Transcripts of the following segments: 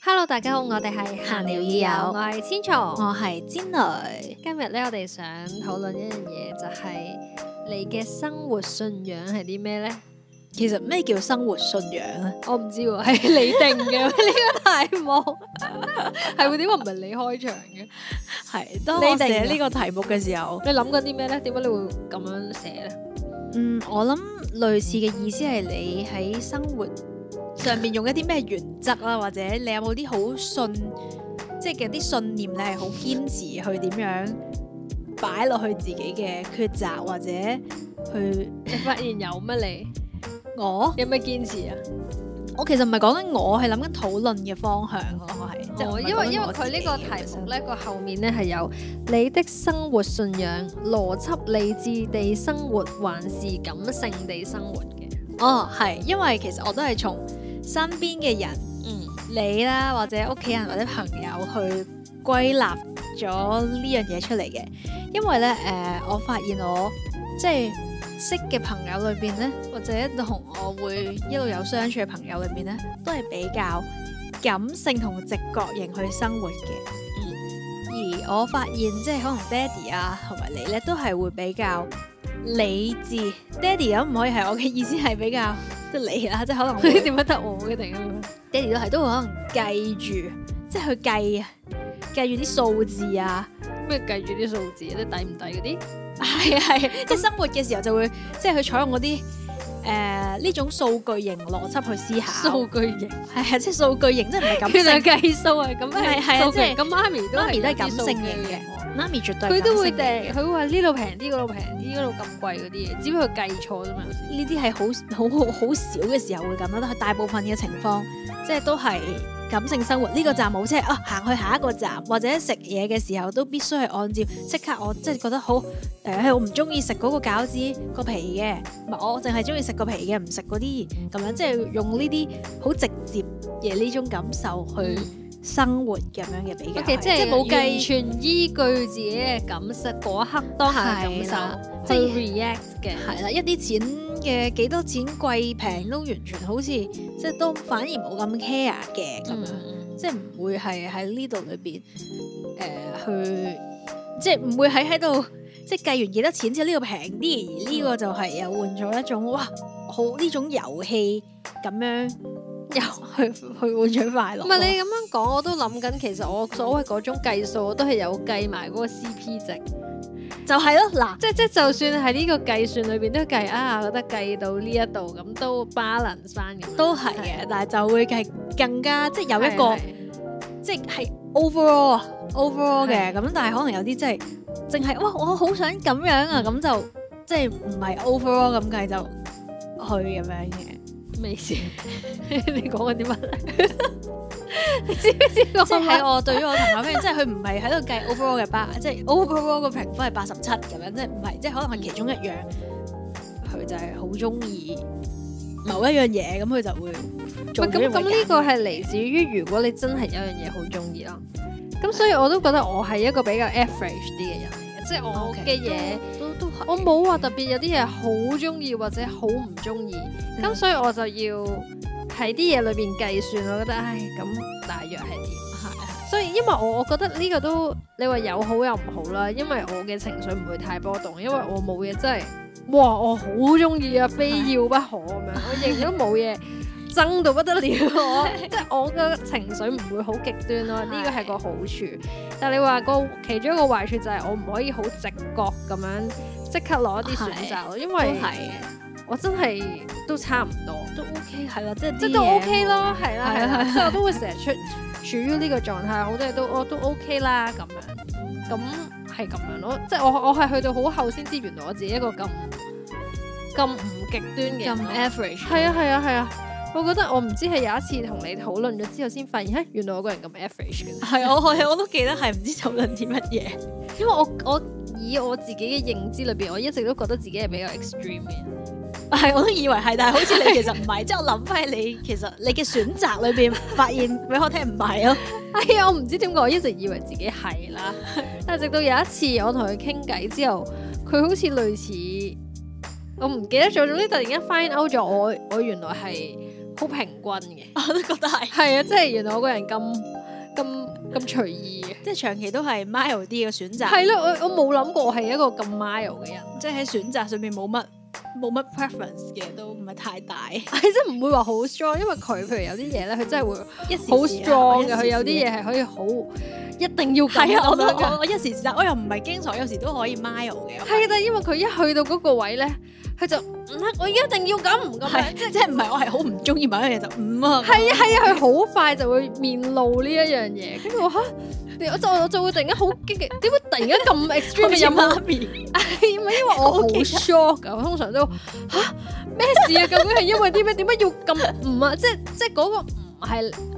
Hello，大家好，我哋係閒聊以友，我係千蟲，我係煎女。今日咧，我哋想討論一樣嘢，就係你嘅生活信仰係啲咩咧？其實咩叫生活信仰啊？我唔知喎，係你定嘅呢個題目，係會點解唔係你開場嘅？係當你寫呢個題目嘅時候，你諗緊啲咩咧？點解你會咁樣寫咧？嗯，我諗類似嘅意思係你喺生活。上面用一啲咩原則啦，或者你有冇啲好信，即係嘅啲信念，你係好堅持去點樣擺落去自己嘅抉擇，或者去發現有乜你我有咩堅持啊？我其實唔係講緊我係諗緊討論嘅方向我係，哦，就係因為因為佢呢個題目呢個其實 後面呢，係有你的生活信仰，邏輯理智地生活，還是感性地生活嘅？哦，係，因為其實我都係從，身邊嘅人，嗯，你啦，或者屋企人或者朋友去歸納咗呢樣嘢出嚟嘅，因為咧，誒、呃，我發現我即係識嘅朋友裏邊咧，或者同我會一路有相處嘅朋友裏邊咧，都係比較感性同直覺型去生活嘅，嗯，而我發現即係可能爹哋啊同埋你咧，都係會比較，理智，爹哋都唔可以係我嘅意思係比較即係你啦，即係可能點解得我嘅定？爹哋都係都會可能計住，即係去計啊，計住啲數字啊，咩計住啲數字，啲抵唔抵嗰啲？係係，即係生活嘅時候就會即係去採用嗰啲誒呢種數據型邏輯去思考。數據型係啊，即係數據型，即係唔係咁。咁樣計數啊？咁係係啊，即係咁。媽咪都係啲感性型嘅。媽咪絕對佢都會訂，佢話呢度平啲，嗰度平啲，嗰度咁貴嗰啲嘢，只不過計錯啫嘛。呢啲係好好好好少嘅時候會咁樣，但係大部分嘅情況，即係都係感性生活。呢、這個站冇、就、車、是、啊，行去下一個站，或者食嘢嘅時候都必須係按照即刻我即係、就是、覺得好誒、呃，我唔中意食嗰個餃子皮個皮嘅，唔係我淨係中意食個皮嘅，唔食嗰啲咁樣，嗯、即係用呢啲好直接嘅呢種感受去。生活咁樣嘅比較 okay, 即冇計，即係完全依據自己嘅感受，嗰、嗯、刻當下感受，即係 react 嘅。係啦，一啲錢嘅幾多錢貴平都完全好似，即係都反而冇咁 care 嘅咁樣，嗯、即係唔會係喺呢度裏邊誒去，即係唔會喺喺度，即係計完幾多錢之後呢個平啲，而呢、嗯、個就係又換咗一種哇，好呢種遊戲咁樣。又去去換取快樂。唔係你咁樣講，我都諗緊。其實我所謂嗰種計數，我都係有計埋嗰個 CP 值，就係咯。嗱，即係即係，就算喺呢個計算裏邊都計啊，覺得計到呢一度咁都 balance 翻嘅，都係嘅。但係就會係更加即係有一個，即係 overall overall 嘅。咁但係可能有啲即係淨係哇，我好想咁樣啊，咁就即係唔係 overall 咁計就去咁樣嘅。咩意思？你講緊啲乜？你知唔知？即係我對於我男朋友，即係佢唔係喺度計 overall 嘅八，即係 overall 個評分係八十七咁樣，即係唔係即係可能係其中一樣，佢就係好中意某一樣嘢，咁佢就會。咁咁呢個係嚟自於如果你真係有樣嘢好中意咯。咁所以我都覺得我係一個比較 average 啲嘅人嚟嘅，即係我嘅嘢。我冇話特別有啲嘢好中意或者好唔中意，咁、嗯、所以我就要喺啲嘢裏邊計算，我覺得唉咁大約係點係。對對對，所以因為我我覺得呢個都你話有好有唔好啦，因為我嘅情緒唔會太波動，因為我冇嘢真係哇我好中意啊非要不可咁樣，我亦都冇嘢爭到不得了，我即係 我嘅情緒唔會好極端咯，呢個係個好處，是的 但係你話個其中一個壞處就係我唔可以好直覺咁樣，即刻攞一啲選擇，因為我真係都差唔多，都 OK 係咯，即係即都 OK 咯，係啦係啦，所以我都會成日處於呢個狀態，好多嘢都我都 OK 啦咁樣，咁係咁樣咯，即係我我係去到好後先知，原來我自己一個咁咁唔極端嘅咁 average，係啊係啊係啊，我覺得我唔知係有一次同你討論咗之後，先發現，原來我個人咁 average 嘅，係我係我都記得係唔知討論啲乜嘢，因為我我。以我自己嘅認知裏邊，我一直都覺得自己係比較 extreme 嘅，係我都以為係，但係好似你其實唔係，即係我諗翻你其實你嘅選擇裏邊發現俾我聽唔係咯。哎呀，我唔、 啊哎、知點解，我一直以為自己係啦，但係直到有一次我同佢傾偈之後，佢好似類似我唔記得咗，總之突然間 find out 咗我，我原來係好平均嘅。我都覺得係，係啊，即係原來我個人咁。咁隨意，即係長期都係 mild 啲嘅選擇。係咯，我我冇諗過係一個咁 mild 嘅人，即係喺選擇上面冇乜冇乜 preference 嘅，都唔係太大。係真係唔會話好 strong，因為佢譬如有啲嘢咧，佢真係會好 strong 嘅。佢 有啲嘢係可以好一定要。係啊，我我我一時時，我又唔係經常，有時都可以 mild 嘅。係啦，但係因為佢一去到嗰個位咧。佢就唔、嗯，我而家一定要咁唔咁，是嘛即係即係唔係我係好唔中意某樣嘢就唔啊，係啊係啊，佢好快就會面露呢一樣嘢，跟住我、啊，我就我就會突然間好激嘅，點解突然間咁 extreme？嘅？咪有媽咪，咪因為我好 shock 噶。」我通常都吓咩、啊、事啊？究竟係因為啲咩？點解要咁唔啊？即係即係、那、嗰個唔係。嗯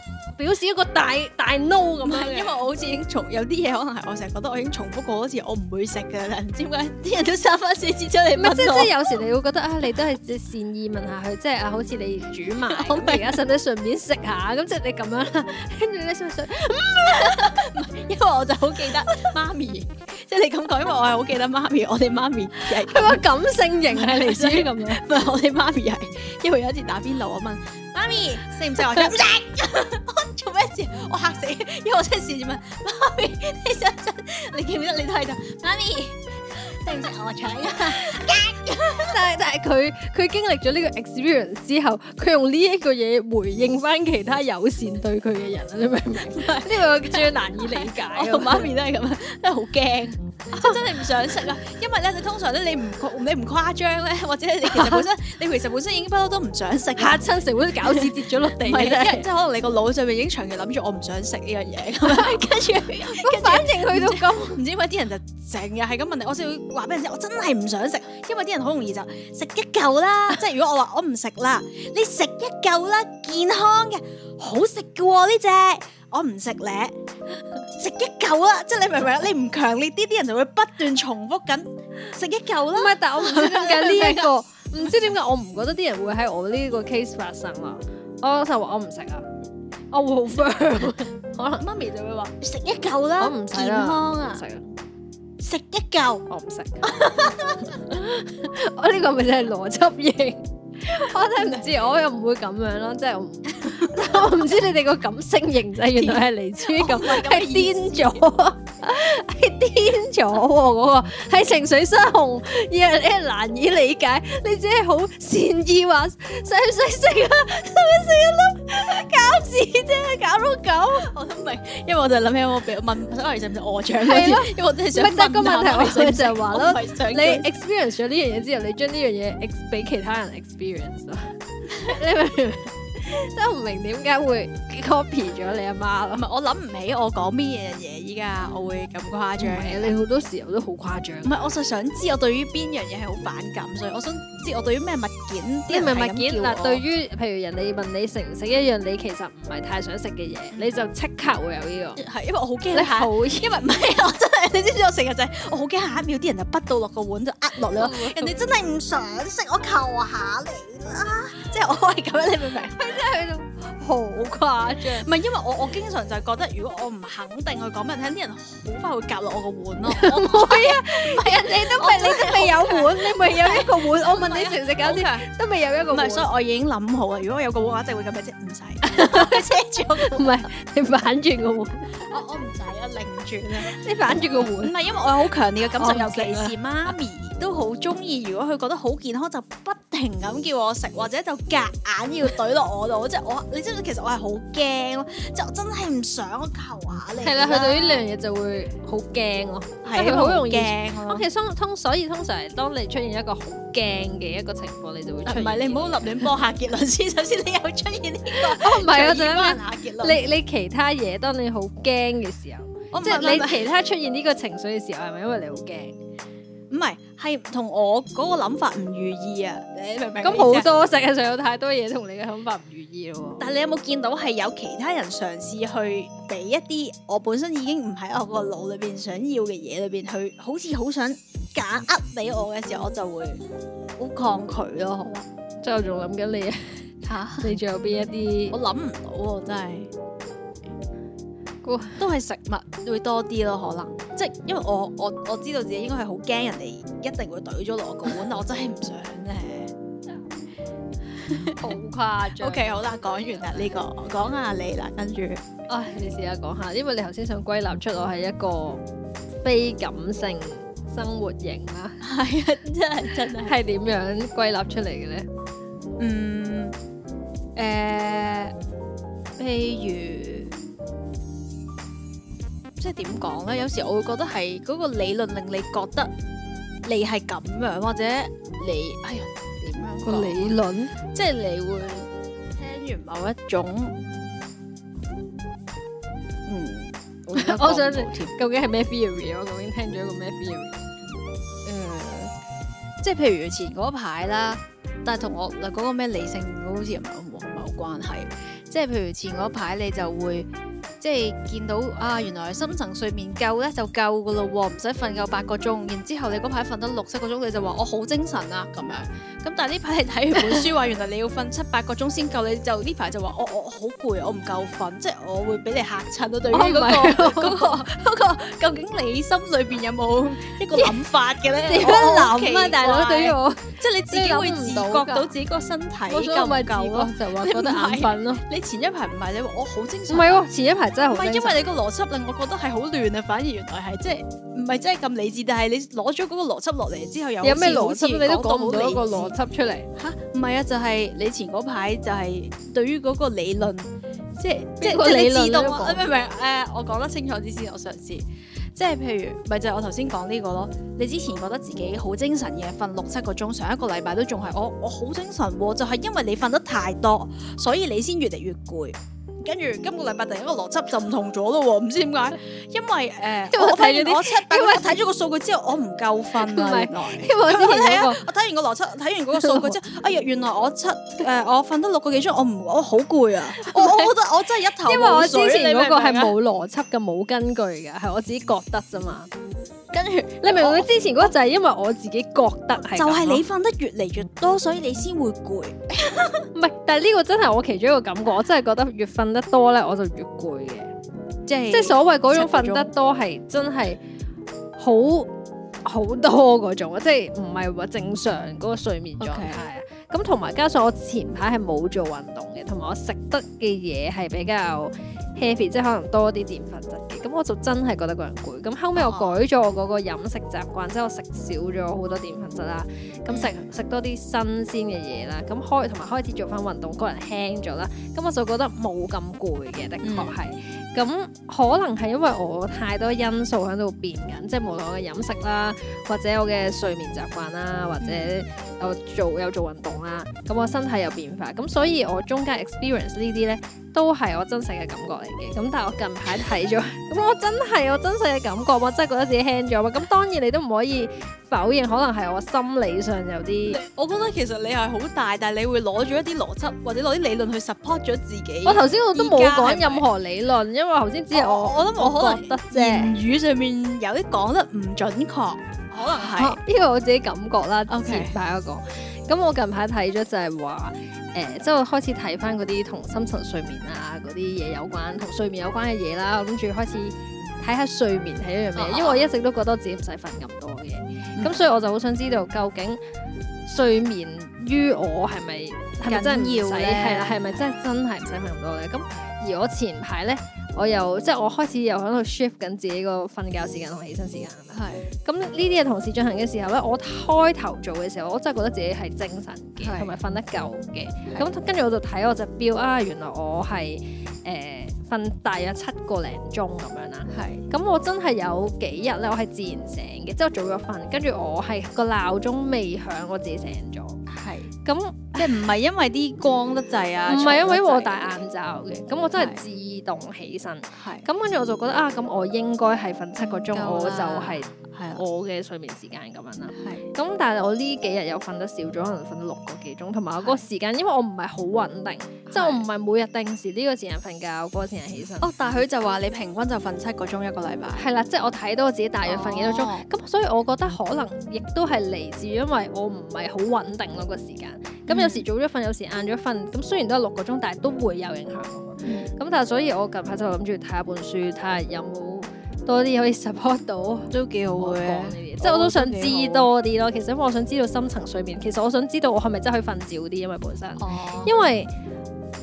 表示一個大大 no 咁樣，因為我好似已經重有啲嘢，可能係我成日覺得我已經重複過好似我唔會食嘅啦。唔知點解啲人都三番四次出嚟。即係即即有時你會覺得啊，你都係善意問下佢，即係啊，好似你煮埋，咁而家順唔順便食下？咁即係你咁樣啦。跟住咧，因為我就好記得媽咪，即係你咁講，因為我係好記得媽咪，我哋媽咪係。係個感性型係嚟先咁樣。唔係我哋媽咪係，因為有一次打邊爐，我問媽咪食唔食，我食。我嚇死，因為我真係試住問媽咪，你想真你見唔得你都喺度，媽咪識唔識我仔？ 但係，但係佢佢經歷咗呢個 experience 之後，佢用呢一個嘢，回應翻其他友善對佢嘅人，你明唔明？呢個是最難以理解，是我同媽咪都係咁樣，真係好驚。真真係唔想食啊！因為咧，你通常咧，你唔你唔誇張咧，或者你其實本身你其實本身已經不嬲都唔想食，嚇親成碗餃子跌咗落地，即係可能你個腦上面已經長期諗住我唔想食呢樣嘢，咁跟住反正去到咁，唔知點解啲人就成日係咁問你，我先會話俾人知，我真係唔想食，因為啲人好容易就食一嚿啦。 即係如果我話我唔食啦，你食一嚿啦，健康嘅，好食嘅喎呢隻。我唔食咧，食一嚿啦，即係你明唔明？你唔強烈啲，啲人就會不斷重複緊食一嚿啦。唔係，但係我唔知點解呢一個，唔知點解我唔覺得啲人會喺我呢個 case 發生啦。我就話我唔食啊，我會好 firm。可能媽咪就會話食一嚿啦，我唔健康啊，食食一嚿，我唔食。我呢個咪就係邏輯型，我真係唔知，我又唔會咁樣咯，即係我唔。我唔知你哋個感性形仔，原來係嚟自於咁，係癲咗，係癲咗喎！嗰個係情緒失控，而係你係難以理解，你只係好善意話細細食啊，細細一粒餃子啫，搞到狗我都明，因為我就諗起我俾問，我係食唔食鵝掌先？因為我真係想問個問題，我就就話咯，你 experience 咗呢樣嘢之後，你將呢樣嘢 ex 俾其他人 experience 啊？你明唔明？真係唔明點解會 copy 咗你阿媽啦？我諗唔起我講咩嘢依家，我會咁誇張。唔係因為你好多時候都好誇張。唔係，我就想知我對於邊樣嘢係好反感，所以我想知我對於咩物件。你唔係物件，但對於譬如人哋問你食唔食一樣你其實唔係太想食嘅嘢，你就即刻會有呢個。係，因為我好驚嚇，你好因為唔係我你知唔知我成日就係我好驚下一秒啲人就畀到落個碗就呃落你咯，人哋真係唔想食，我求下你啦，即係我係咁樣，你明唔明？佢真係去到好誇張。唔係因為我我經常就係覺得，如果我唔肯定去講俾人聽，啲人好快會夾落我個碗咯。我唔會啊，唔係人哋都未，你都未有碗，你未有一個碗，我問你食唔食餃子，都未有一個碗。唔係，所以我已經諗好啊，如果我有個碗，我一定會咁樣啫。唔使，遮住個碗。唔係，你反轉個碗。我我唔使啊，擰轉啊，你反轉。唔係因為我有好強烈嘅感受，尤其是媽咪都好中意。如果佢覺得好健康，就不停咁叫我食，或者就夾硬要懟落我度。即係我，你知唔知？其實我係好驚咯，即係我真係唔想我求下你。係啦，去到呢兩樣嘢就會好驚咯，係好容易驚咯。咁其實通所以通常，當你出現一個好驚嘅一個情況，你就會出現唔係你唔好立亂幫下結論先。首先你有出現呢個，哦唔係我就咩？你你其他嘢，當你好驚嘅時候。即係你其他出現呢個情緒嘅時候，係咪因為你好驚？唔係，係同我嗰個諗法唔如意啊！你明唔明？咁好多世界上有太多嘢同你嘅諗法唔如意咯。但係你有冇見到係有其他人嘗試去俾一啲我本身已經唔喺我個腦裏邊想要嘅嘢裏邊去，好似好想夾呃俾我嘅時候，我就會好抗拒咯。即係 我仲諗緊你啊吓，你仲有邊一啲？我諗唔到，真係。都係食物會多啲咯，可能即係因為我我我知道自己應該係好驚人哋一定會懟咗落我個碗， 我真係唔想咧， 好誇張。O、okay, K 好啦，講完啦呢、這個，講下、嗯、你啦，跟住，唉、哎，你試下講下，因為你頭先想歸納出我係一個非感性生活型啦，係啊， 真係真係，係點樣歸納出嚟嘅咧？嗯，誒、呃，譬如。即係點講咧？有時我會覺得係嗰個理論令你覺得你係咁樣，或者你哎呀點樣個理論？即係你會聽完某一種嗯，我， 我想你究竟係咩 theory 我究竟聽咗個咩 theory 誒，嗯嗯、即係譬如前嗰排啦，但係同我嗱嗰個咩理性好，好似唔係好冇關係。即係譬如前嗰排你就會。即係見到啊，原來深層睡眠夠咧就夠噶咯喎，唔使瞓夠八個鐘。然之後你嗰排瞓得六七個鐘，你就話我好精神啊咁樣。咁但係呢排你睇完本書話，原來你要瞓七八個鐘先夠，你就呢排就話我我好攰，我唔夠瞓。即係我會俾你嚇親到對於嗰個嗰個嗰個，究竟你心裏邊有冇一個諗法嘅咧？點諗啊，大佬對於我，即係你自己會自覺到自己個身體夠唔夠？就話覺得眼瞓咯。你前一排唔係你話我好精神？唔係前一排。唔係，因為你個邏輯令我覺得係好亂啊！反而原來係即係唔係真係咁理智，但係你攞咗嗰個邏輯落嚟之後，有咩邏輯你都講唔到嗰個邏輯出嚟？吓，唔係啊，就係、是、你前嗰排就係對於嗰個理論，即係即係你知道啊？唔係唔誒，我講得清楚啲先，我嘗試，即係譬如，咪就係我頭先講呢個咯。你之前覺得自己好精神嘅，瞓六七個鐘，上一個禮拜都仲係我，我好精神，就係、是、因為你瞓得太多，所以你先越嚟越攰。跟住今個禮拜第一個邏輯就唔同咗咯喎，唔知點解，因為誒，我發現我七，因為睇咗個數據之後，我唔夠瞓。唔是原來因為點我睇、那個、完個邏輯，睇完嗰個數據之後， 哎呀，原來我七誒、呃，我瞓得六個幾鐘，我唔，我好攰啊！是我我覺得我真係一頭霧水。你明唔明啊？因為我之前嗰個係冇邏輯嘅，冇根據嘅，係我自己覺得啫嘛。跟住，你明唔明？哦、之前嗰個就係因為我自己覺得係，就係你瞓得越嚟越多，所以你先會攰。唔 係，但係呢個真係我其中一個感覺，我真係覺得越瞓得多咧，我就越攰嘅是。即係，即係所謂嗰種瞓得多係真係好好多嗰種啊！即係唔係話正常嗰個睡眠狀態啊？咁同埋加上我前排係冇做運動嘅，同埋我食得嘅嘢係比較。heavy 即係可能多啲澱粉質嘅，咁我就真係覺得個人攰。咁後尾我改咗我嗰個飲食習慣，oh。即係我食少咗好多澱粉質啦，咁 Yeah. 食食多啲新鮮嘅嘢啦，咁開同埋開始做翻運動，個人輕咗啦，咁我就覺得冇咁攰嘅，mm。的確係。咁可能係因為我太多因素喺度變緊，即係無論我嘅飲食啦，或者我嘅睡眠習慣啦，或者我做有做運動啦，咁我身體有變化，咁所以我中間 experience 呢啲呢都係我真實嘅感覺嚟嘅。咁但係我近排睇咗，咁我真係有我真實嘅感覺，我真係覺得自己輕咗。咁當然你都唔可以，否認可能係我心理上有啲，我覺得其實你係好大，但係你會攞住一啲邏輯或者攞啲理論去 support 咗自己。我頭先我都冇講任何理論，是是因為頭先只係我，我，我都冇可能得啫。言語上面有啲講得唔準確，可能係呢、啊呢個我自己感覺啦。O K，下一個，咁我近排睇咗就係話，誒、呃，即係開始睇翻嗰啲同深層睡眠啊嗰啲嘢有關，同睡眠有關嘅嘢啦，諗住開始。睇下睡眠係一樣嘢，因為我一直都覺得自己唔使瞓咁多嘅，咁、嗯、所以我就好想知道究竟睡眠於我係咪係咪真係唔使係啦？係咪呢真係真係唔使瞓咁多咧？咁而我前排咧，我又即係、就是、我開始又喺度 shift 緊自己個瞓覺時間同起身時間。係咁呢啲嘢同時進行嘅時候咧，我開頭做嘅時候，我真係覺得自己係精神嘅，同埋瞓得夠嘅。咁跟住我就睇我隻表啊，原來我係誒。呃瞓大約七個零鐘咁樣啦，係是，咁我真係有幾日咧，我係自然醒嘅，即係我早咗瞓，跟住我係個鬧鐘未響，我自己醒咗，係，咁即係唔係因為啲光得滯 啊，唔係，因為我戴眼罩嘅，咁 我真係自動起身，係是，咁跟住我就覺得啊，咁我應該係瞓七個鐘， 我就係、是。對我嘅睡眠時間咁樣啦，咁但係我呢幾日又瞓得少咗，可能瞓到六個幾鐘，同埋我個時間，是的 因為我唔係好穩定，是的 即係我唔係每日定時呢個時間瞓覺，嗰、嗰個時間起身。哦，但係佢就話你平均就瞓七個鐘一個禮拜。係啦，即係我睇到我自己大約瞓幾多鐘，咁、哦、所以我覺得可能亦都係嚟自因為我唔係好穩定咯個時間。咁有時早咗瞓，有時晏咗瞓，咁雖然都係六個鐘，但係都會有影響。咁、嗯、但係所以我近排就諗住睇下本書，睇下有冇。多啲可以 support 到，都幾好嘅。即係我都想知多啲咯。其實我想知道深層睡眠，其實我想知道我係咪真係可以瞓少啲，因為本身，oh、因為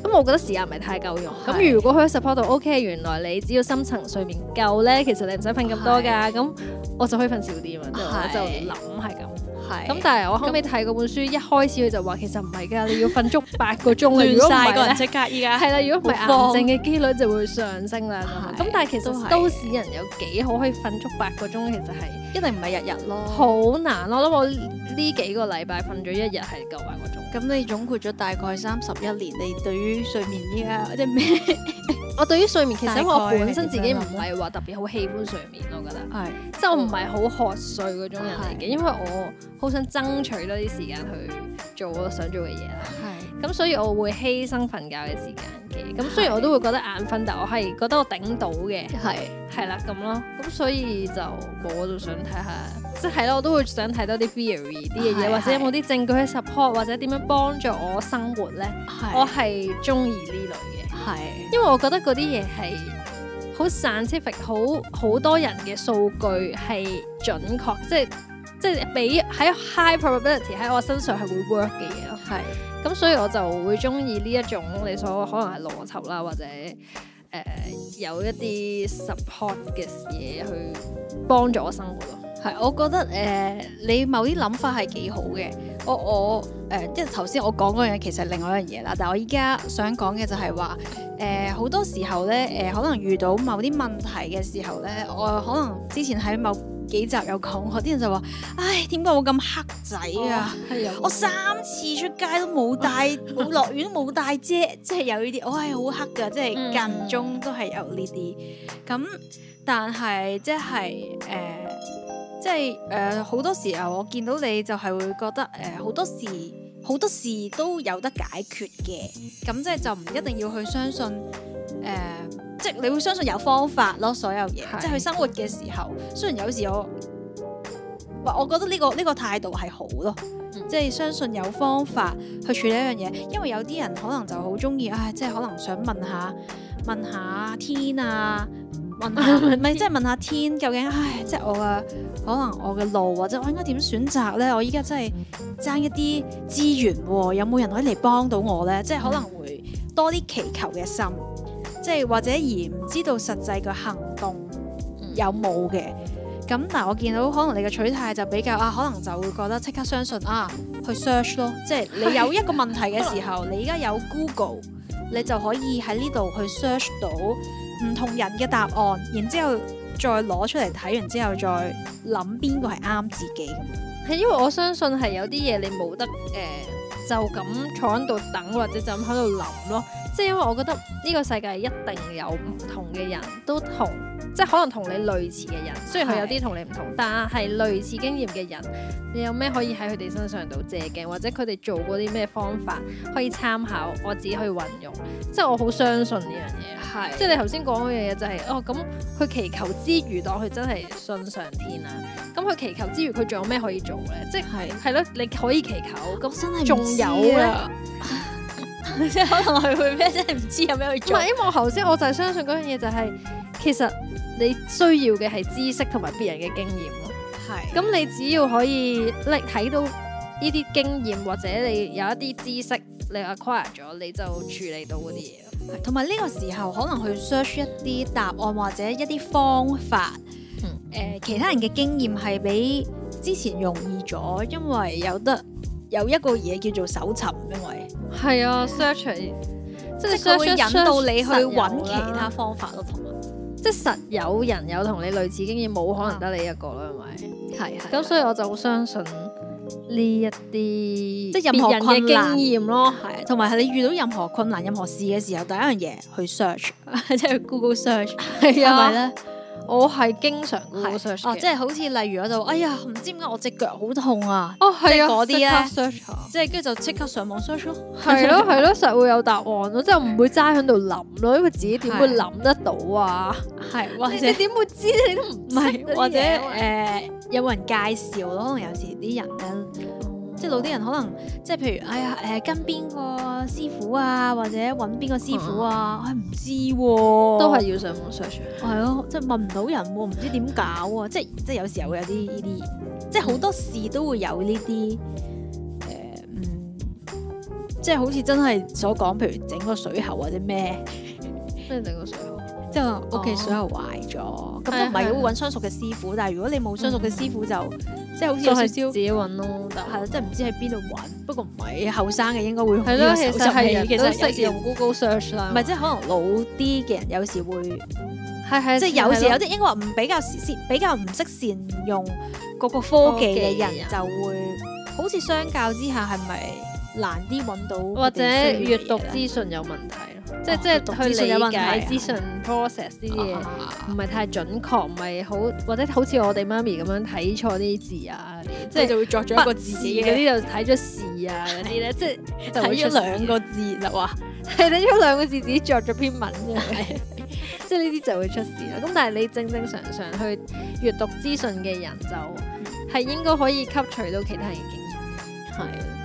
咁我覺得時間唔係太夠用。咁是 如果佢 support 到 OK，原來你只要深層睡眠夠咧，其實你唔使瞓咁多噶。咁我就可以瞓少啲啊嘛。是 就諗係咁。係，咁但係我後尾睇嗰本書，一開始佢就話其實唔係噶，你要瞓足八個鐘。亂晒個職格依家係啦，如果唔係癌症嘅機率就會上升啦。咁但係其實都市人有幾好可以瞓足八個鐘，其實係一定唔係日日咯。好難咯，我諗我呢幾個禮拜瞓咗一日係夠八個鐘。咁你總括咗大概三十一年，你對於睡眠依家或者咩？我對於睡眠大概 其實，因為我本身自己唔係話特別好喜歡睡眠，的我覺得，即係我唔係好渴睡嗰種人嚟嘅，的因為我好想爭取多啲時間去做我想做嘅嘢啦。咁所以我會犧牲瞓覺嘅時間嘅，咁是雖然我都會覺得眼瞓，但我係覺得我頂到嘅，係係啦咁咯，咁所以就我就想睇下，即係咯，我都會想睇多啲 theory 啲嘢，的或者有冇啲證據去 support，或者點樣幫助我生活咧？的我係中意呢類嘅，係的，因為我覺得嗰啲嘢係好 scientific，好好多人嘅數據係準確，即係。即係比喺 high probability 喺我身上係會 work 嘅嘢咯，係咁是所以我就會中意呢一種你所可能係邏輯啦，或者誒、呃、有一啲 support 嘅嘢去幫助我生活咯。係，我覺得誒、呃、你某啲諗法係幾好嘅。我我誒即係頭先我講嗰樣，其實另外一樣嘢啦，但係我依家想講嘅就係話誒好多時候咧誒、呃、可能遇到某啲問題嘅時候咧，我可能之前喺某幾集有講，我啲人就話：唉，點解我咁黑仔啊？哦、 我三次出街都冇帶，冇落雨都冇帶遮， 即係有呢啲，我係好黑㗎，即係間中都係有呢啲。咁，但係即係誒，即係誒，好、呃、多時候我見到你就係會覺得誒，好、呃、多事好多事都有得解決嘅。咁、嗯、即係就唔一定要去相信。誒，呃、即係你會相信有方法咯。所有嘢是即係去生活嘅時候，雖然有時我，哇，我覺得呢、這個呢、這個態度係好咯，嗯、即係相信有方法去處理一樣嘢。因為有啲人可能就好中意，唉，即係可能想問下問下天啊，問下唔係即係問下天，究竟唉，即係我嘅可能我嘅路或者我應該點選擇咧？我依家真係爭一啲資源，有冇人可以嚟幫到我咧？即係可能會多啲祈求嘅心。即或者而唔知道實際個行動有冇嘅，咁嗱，我見到可能你嘅取態就比較啊，可能就會覺得即刻相信啊，去 search 咯。即係你有一個問題嘅時候， 你而家有 Google，你就可以喺呢度去 search 到唔同人嘅答案，然之後再攞出嚟睇，完之後再諗邊個係啱自己。係因為我相信係有啲嘢你冇得誒、呃，就咁坐喺度等，或者就咁喺度諗咯。即係因為我覺得呢個世界一定有唔同嘅人都同，即係可能同你類似嘅人，雖然佢有啲同你唔同，是但係類似經驗嘅人，你有咩可以喺佢哋身上度借鏡，或者佢哋做過啲咩方法可以參考，我自己去運用。即係我好相信呢樣嘢，係是即係你頭先講嗰樣嘢就係、是、哦，咁佢祈求之餘，當佢真係信上天啊，咁佢祈求之餘，佢仲有咩可以做咧？是即係係咯，你可以祈求，咁仲有咧？ 即係 可能佢會咩，即係唔知有咩去做。唔係，因為我頭先我就係相信嗰樣嘢就係、是，其實你需要嘅係知識同埋別人嘅經驗咯。係。咁你只要可以拎睇到呢啲經驗，或者你有一啲知識你 acquire 咗，你就處理到嗰啲嘢。係。同埋呢個時候可能去 search 一啲答案或者一啲方法，誒、嗯呃，其他人嘅經驗係比之前容易咗，因為有得。有一個嘢叫做搜尋，因為係啊，search 即係佢會引導你去揾其他方法咯，同埋即係實有人有同你類似經驗，冇可能得你一個咯，係咪？係係。咁所以我就好相信呢一啲即係任何人嘅經驗咯，係同埋係你遇到任何困難、任何事嘅時候，第一樣嘢去 search，即係 Google search，係咪咧？ 我係經常會 search，哦、即係好似例如我就哎呀唔知點解我隻腳好痛啊，哦，係嗰啲啊，即係跟住就即刻上網 search 咯，係咯係咯，實會有答案咯，即係唔會齋喺度諗咯，因為自己點會諗得到啊？係或者點會知你都唔係，或者誒、呃、有冇人介紹咯？可能有時啲人咧。即係老啲人可能，即係譬如哎呀，誒、呃、跟邊個師傅啊，或者搵邊個師傅啊，我唔、嗯哎、知、啊、都係要上網 search。係咯、哎，即係問唔到人唔、啊、知點搞、啊、即係即係有時候會有啲呢啲，即係好多事都會有呢啲，誒、呃、嗯，即係好似真係所講，譬如整個水喉或者咩，即係 整個水喉。即係屋企所有壞咗，咁都唔係要搵相熟嘅師傅，但係如果你冇相熟嘅師傅，就即係好似自己搵咯，係啦，即係唔知喺邊度搵。不過唔係，後生嘅應該會好少手足係都用 Google Search 啦。唔係，即係可能老啲嘅人有時會係係，即係有時有啲應該話唔比較善比較唔識善用嗰個科技嘅人，就會好似相較之下係咪？難啲揾到或者閱讀資訊有問題咯，即係即係去理解資訊 process 啲嘢，唔係太準確，唔係好或者好似我哋媽咪咁樣睇錯啲字啊，即係就會作咗一個字嗰啲就睇咗事啊嗰啲咧，即係睇咗兩個字就話睇咗兩個字，自己作咗篇文啫，即係呢啲就會出事咯。咁但係你正正常常去閱讀資訊嘅人就係應該可以吸取到其他人嘅經驗，係。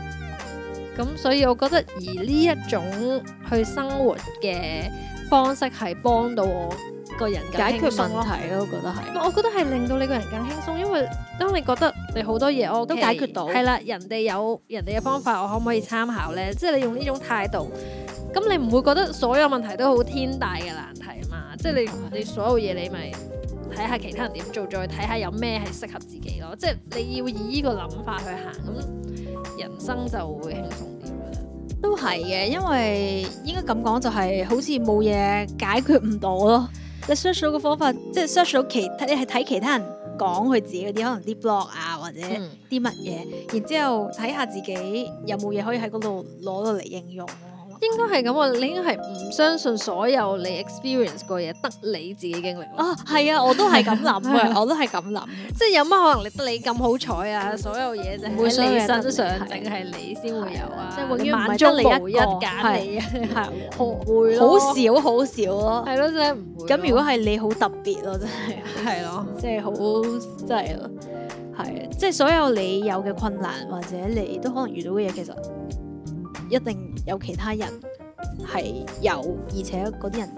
咁、嗯、所以，我覺得而呢一種去生活嘅方式係幫到我個人解決問題咯。我覺得係、嗯。我覺得係令到你個人更輕鬆，因為當你覺得你好多嘢我、okay, 都解決到，係啦，人哋有人哋嘅方法，我可唔可以參考咧？即係你用呢種態度，咁你唔會覺得所有問題都好天大嘅難題嘛？即係你、嗯、你所有嘢，你咪睇下其他人點做，再睇下有咩係適合自己咯。即係你要以呢個諗法去行咁。人生就會輕鬆啲嘞，都係嘅，因為應該咁講就係好似冇嘢解決唔到咯。你 search 到嘅方法，即係 search 到其，你係睇其他人講佢自己嗰啲可能啲 blog 啊，或者啲乜嘢，嗯、然之後睇下自己有冇嘢可以喺嗰度攞到嚟應用。應該係咁喎，你應該係唔相信所有你 experience 過嘢，得你自己經歷。哦，係啊，我都係咁諗啊，我都係咁諗。即係有乜可能你得你咁好彩啊？所有嘢就喺你身上，定係你先會有啊？即係永遠唔係你一揀你啊，學會好少好少咯。係咯，即係唔。咁如果係你好特別咯，真係係咯，即係好真係咯，係即係所有你有嘅困難或者你都可能遇到嘅嘢，其實。一定有其他人係有，而且嗰啲人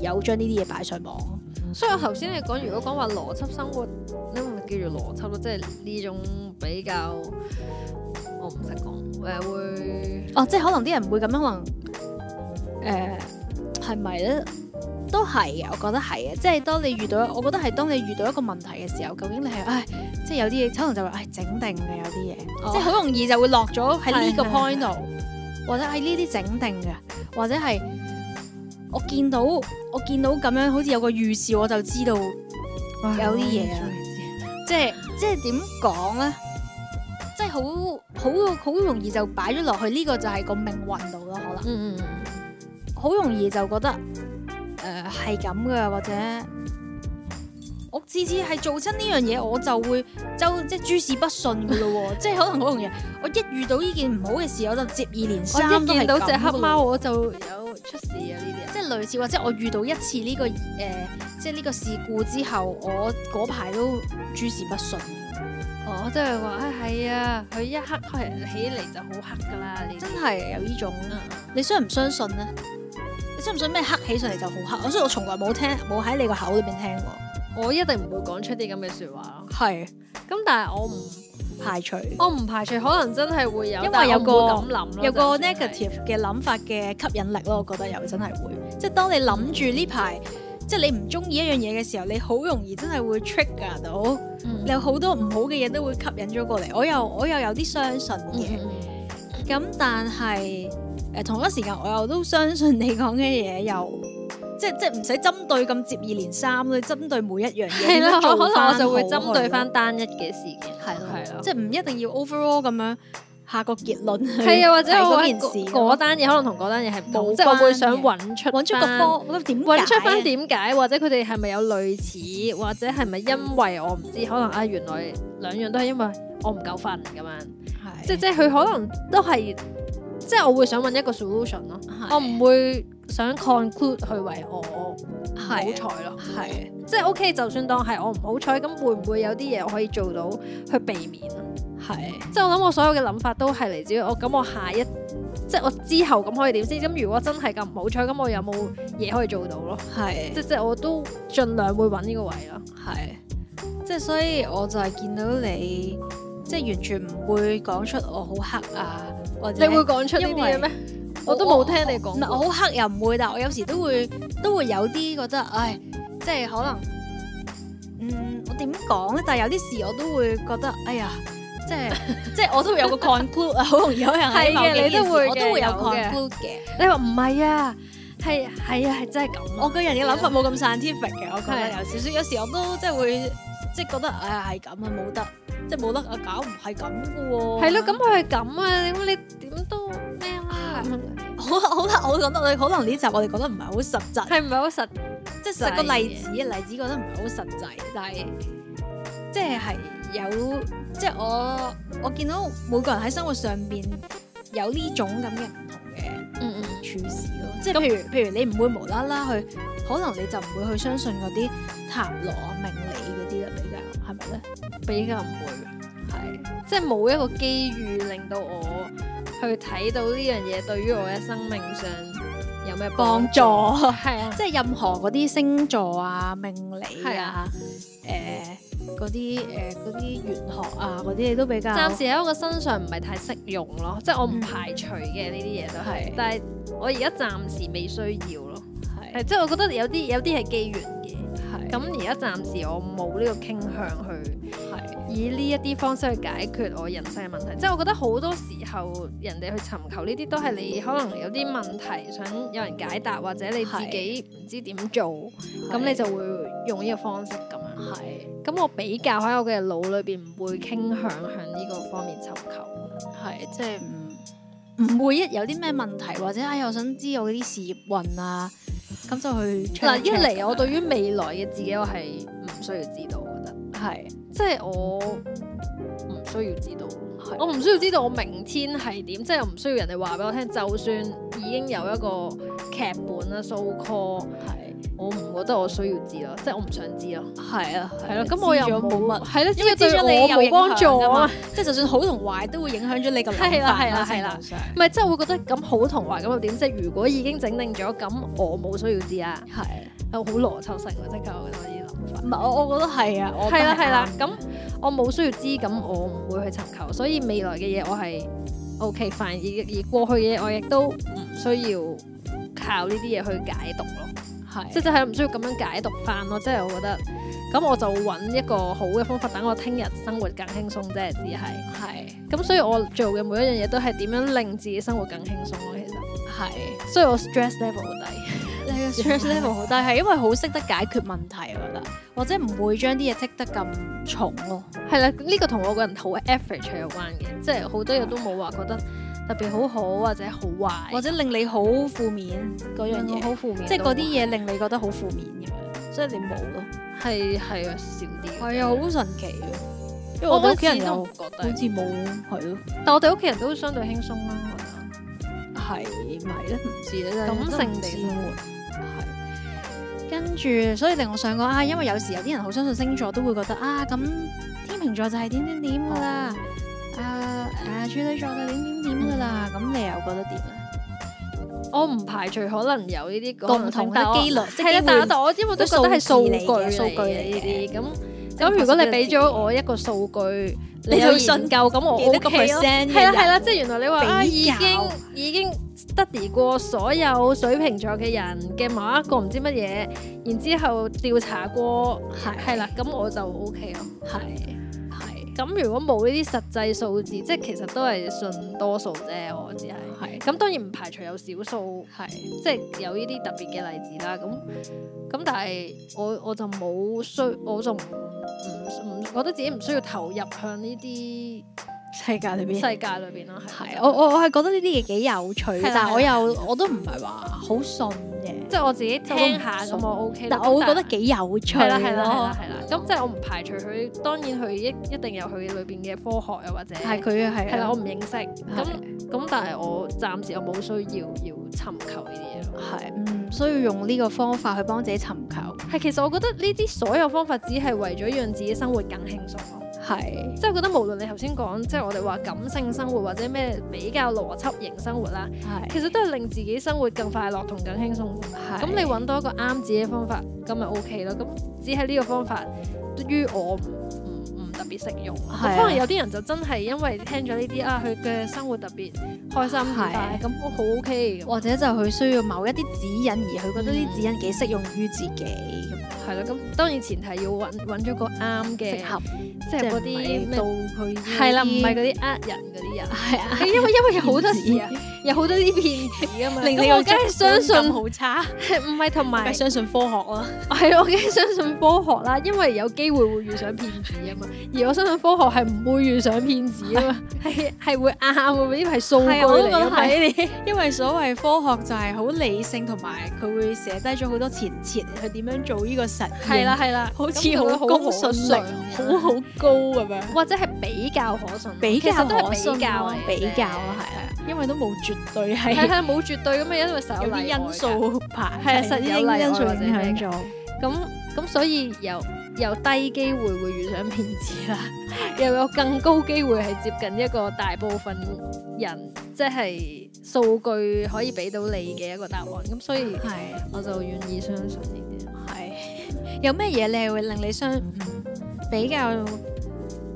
有將呢啲嘢擺上網。所以我頭先你講，嗯、如果講話邏輯生活，你咪叫做邏輯咯，即係呢種比較，我唔識講誒會。哦、啊，即係可能啲人會咁樣，誒係咪咧？都係嘅，我覺得係嘅。即係當你遇到，我覺得係當你遇到一個問題嘅時候，究竟你係，誒，即係有啲嘢可能就話，誒整定嘅有啲嘢，哦、即係好容易就會落咗喺呢個 point 度。的或者係呢啲整定嘅，或者係我見到我見到咁樣，好似有個預示，我就知道有啲嘢啦。即係即係點講咧？即係好好好容易就擺咗落去呢個就係個命運度咯，可能。嗯嗯，好容易就覺得誒係咁嘅，或者。我次次係做親呢樣嘢，我就會就即係諸事不順噶咯， 即係可能好容易。 我一遇到呢件唔好嘅事，我就接二連三，我一見到隻黑貓，我就有出事啊呢啲。人即係類似，或者我遇到一次呢、這個誒、呃，即係呢個事故之後，我嗰排都諸事不順。哦，即係話啊，係啊，佢一黑起嚟就好黑噶啦。真係有呢種？你相唔相信呢？你信唔信咩？黑起上嚟就好黑。所以我從來冇聽冇喺你個口裏邊聽過。我一定唔會講出啲咁嘅說話咯。係，咁但係我唔排除，我唔排除可能真係會有，因為但係我冇咁諗咯。有個 negative 嘅諗法嘅吸引力咯，我覺得又真係會。嗯、即係當你諗住呢排，嗯、即係你唔中意一樣嘢嘅時候，你好容易真係會 trigger 你到，嗯、你有好多唔好嘅嘢都會吸引咗過嚟。我又我又有啲相信嘅，咁、嗯、但係誒、呃，同一時間我又都相信你講嘅嘢又。即係即係唔使針對咁接二連三咯，你針對每一樣嘢，可能我就會針對翻單一嘅事件，係咯係咯，嗯，即係唔一定要 overall 咁樣下個結論。係啊，或者嗰件事嗰單嘢可能同嗰單嘢係冇，係即係我會想揾出揾出個科，我諗點揾出翻點解，或者佢哋係咪有類似，或者係咪因為我唔知，可能啊原來兩樣都係因為我唔夠瞓咁樣，係的即即佢可能都係即係我會想揾一個 solution 咯，的我唔會。想 conclude 去為我好彩咯，係，即係 OK。就算當係我唔好彩，咁會唔會有啲嘢我可以做到去避免？係，即係我諗，我所有嘅諗法都係嚟自於我。咁我下一，即係我之後咁可以點先？咁如果真係咁唔好彩，咁我有冇嘢可以做到咯？係，即即我都盡量會揾呢個位咯。係，即係所以我就係見到你，即係完全唔會講出我好黑啊，或者你會講出呢啲嘢咩？我都冇聽你講，我好黑又唔會，但係我有時都會都會有啲覺得，唉，即係可能，嗯，我點講咧？但係有啲事我都會覺得，哎呀，即係即係我都會有個 conclude 啊，好容易有人喺某幾件事我都會有 conclude 嘅。你話唔係啊？係係啊？係真係咁？我個人嘅諗法冇咁 scientific 嘅，我覺得有少少。有時我都即係會即係覺得，唉，係咁啊，冇得，即係冇得啊搞唔係咁噶喎。係咯，咁佢係咁啊，咁你點都。嗯、好，好啦，我覺得你可能呢集我哋覺得唔係好實際，係唔係好實？即係實個例子，例子覺得唔係好實際，但係即係係有，即係我我見到每個人喺生活上面有呢種咁嘅唔同嘅處事咯。嗯嗯，即係譬如那譬如你唔會無啦啦去，可能你就唔會去相信嗰啲塔羅啊命理嗰啲啦，比較係咪咧？比較唔會，係的即係冇一個機遇令到我。去睇到呢樣嘢對於我嘅生命上有咩幫助，係啊，即係任何嗰啲星座啊、命理啊、誒嗰啲誒啲玄學啊嗰啲嘢，都比較暫時喺我身上唔係太適用咯，即係我唔排除嘅呢啲嘢都係，嗯、係、但係我而家暫時未需要咯，係即係我覺得有啲有啲係機緣。咁而家暫時我冇呢個傾向去，係以呢一啲方式去解決我人生嘅問題。即係我覺得好多時候，人哋去尋求呢啲都係你可能有啲問題想有人解答，或者你自己唔知點做，咁是你就會用呢個方式咁樣。係是。咁我比較喺我嘅腦裏邊唔會傾向向呢個方面尋求。係，即係唔唔會一有啲咩問題，或者哎我想知道我啲事業運啊。咁就去嗱一嚟，下我對於未來嘅自己，我係唔需要知道，我覺得係，是即係我唔需要知道，是我唔需要知道我明天係點，即係唔需要人哋話俾我聽，就算已經有一個劇本啦，so call 我唔覺得我需要知咯，即係我唔想知咯。係啊，係咯。咁我又冇乜，係咯，因為對咗你我冇幫助啊嘛。即係就算好同壞都會影響咗你個諗法。係啦，係啦，係啦。唔係，即係會覺得咁好同壞咁又點？即係如果已經整定咗，咁我冇需要知啊。係，我好邏輯性啊，即係我啲諗法。唔係，我我覺得係啊。係啦，係啦。咁我冇需要知，咁我唔會去尋求。所以未來嘅嘢我係 OK，反而而過去嘅嘢我亦都唔需要靠呢啲嘢去解讀咯。即係唔需要咁樣解讀返咯，即係我覺得咁我就揾一個好嘅方法，等我聽日生活更輕鬆啫，只係。係、啊。咁所以我做嘅每一樣嘢都係點樣令自己生活更輕鬆咯，其實。係。所以我 stress level 好低。 你嘅 stress level 好低，係 因為好識得解決問題， 我覺得，或者唔會將啲嘢積得咁重咯。係啦， 呢、這個同我個人好 effortful 有關嘅，即係好多嘢都冇話覺得特別好好或者好壞，或者令你好負面嗰樣嘢，好負面，即係嗰啲嘢令你覺得好負面咁樣，所以你冇咯，係係少啲嘅，係啊，好神奇啊！我哋屋企人都覺得好似冇，係咯，但我哋屋企人都相對輕鬆啦，係咪咧？唔知咧，感性地生活係，跟住所以令我想講啊，因為有時有啲人好相信星座，都會覺得啊，咁天秤座就係點點點噶啦。誒，處女座嘅點點點噶啦，咁你又覺得點咧？我唔排除可能有呢啲共同嘅幾率，係啦，但係我只係覺得係數據、數據啊呢啲。咁咁，如果你俾咗我一個數據，你就信究，咁我 O K 咯。係啦係啦，即係原來你話啊，已經已經 study 過所有水瓶座嘅人嘅某一個唔知乜嘢，然之後調查過，係係啦，咁我就 O K 咯，係。咁如果冇呢啲實際數字，即係其實都係信多數啫，我只係。咁當然唔排除有少數係，是即係有呢啲特別嘅例子啦。咁咁，但係我我就冇需，我就唔唔覺得自己唔需要投入向呢啲。世界裏邊，世界裏邊咯，係。係，啊，我我我係覺得呢啲嘢幾有趣， 但係我又我都唔係話好信嘅，即係我自己聽下咁我 OK。但係我會覺得幾但 有趣，係啦係啦係啦。咁即係我唔排除佢，當然佢一一定有佢裏邊嘅科學又或者係佢係。係啦，我唔認識。咁咁吧但係我暫時我冇需要要尋求呢啲嘢咯。係，唔需要用呢個方法去幫自己尋求。係，其實我覺得呢啲所有方法只係為咗讓自己生活更輕鬆咯。係，即係我覺得無論你頭先講，即係我哋話感性生活或者咩比較邏輯型生活啦，係，其實都係令自己生活更快樂同更輕鬆。係，咁你搵到一個啱自己嘅方法咁咪 O K 咯。咁只係呢個方法對於我唔唔特別適用，啊，可能有啲人就真係因為聽咗呢啲啊，佢嘅生活特別開心，係咁好 O K。係，或者就佢需要某一啲指引，而佢覺得啲指引幾適用於自己。係啦，咁當然前提要揾揾咗個啱嘅，適合即係嗰啲到佢。係啦，唔係嗰啲呃人嗰啲人。係啊，因為 因為有好多事啊。有好多啲騙子啊嘛，令你又質感好差。唔係同埋，唔係相信科學咯。係咯，我梗係相信科學啦，因為有機會會遇上騙子啊嘛。而我相信科學係唔會遇上騙子啊嘛，係係會啱喎，呢啲係送過嚟。係我都覺得係呢，因為所謂科學就係好理性，同埋佢會寫低咗好多前提，去點樣做呢個實驗。係啦係啦，好似好公信力，好好高咁樣，或者係比較可信，比較可信，比較啊係啊，因為都冇。絕對係係係冇絕對咁嘅因為實，有啲因素排係啊，實因因素或者咩狀咁咁，所以又又低機會會遇上騙子啦，又有更高機會係接近一個大部分人，即係數據可以俾到你嘅一個答案。咁所以係我就願意相信呢啲係有咩嘢？你係會令你相比較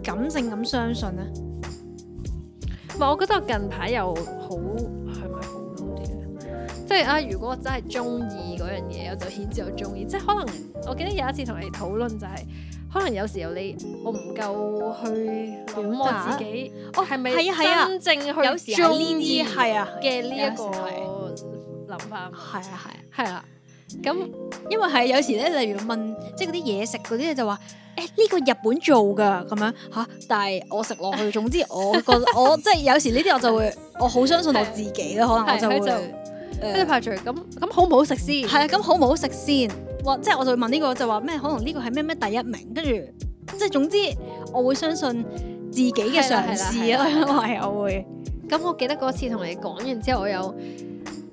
感性咁相信咧？唔係，我覺得近排又。好係咪好啲？即係啊！如果我真係中意嗰樣嘢，我就顯示我中意。即係可能我記得有一次同你討論、就是，就係可能有時候你我唔夠去諗我自己。哦、嗯，係咪係啊係啊，真正去中意係啊嘅呢一個諗法。係啊係啊係啦。咁，因為係有時咧，例如問即係嗰啲嘢食嗰啲咧，就話誒呢個日本做噶咁樣吓，但係我食落去，總之我覺 我，我即係有時呢啲，我就會我好相信我自己咯，對可能我就會跟住、呃、排隊，咁咁好唔好食先？係啊，咁好唔好食先？或哇即係我就會問呢、這個，就話咩可能呢個係咩咩第一名，跟住即係總之我會相信自己嘅嘗試咯，係 我會。咁我記得嗰次同你講完之後，我有。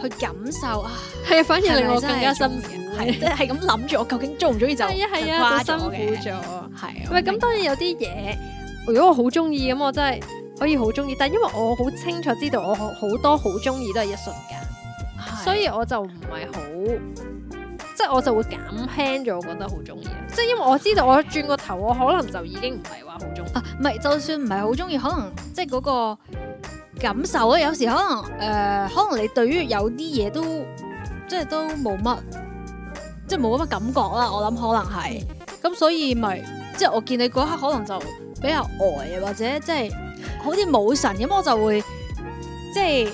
去感受，係啊，反而令我更加辛苦，即係咁諗住我究竟中唔中意就係啊，係啊，辛苦咗，係。喂，咁當然有啲嘢，如果我好中意咁，我真係可以好中意，但係因為我好清楚知道我好多好中意都係一瞬間，對所以我就唔係好，即係我就會減輕咗，我覺得好中意，即係對因為我知道我轉個頭，我可能就已經唔係話好中意啊。唔係就算唔係好中意，可能即係嗰個。感受咯，有時可能誒、呃、可能你對於有啲嘢都即係都冇乜，即係冇乜感覺啦。我諗可能係咁，所以咪即係我見你嗰刻可能就比較呆，啊或者即係好似冇神咁，我就會即係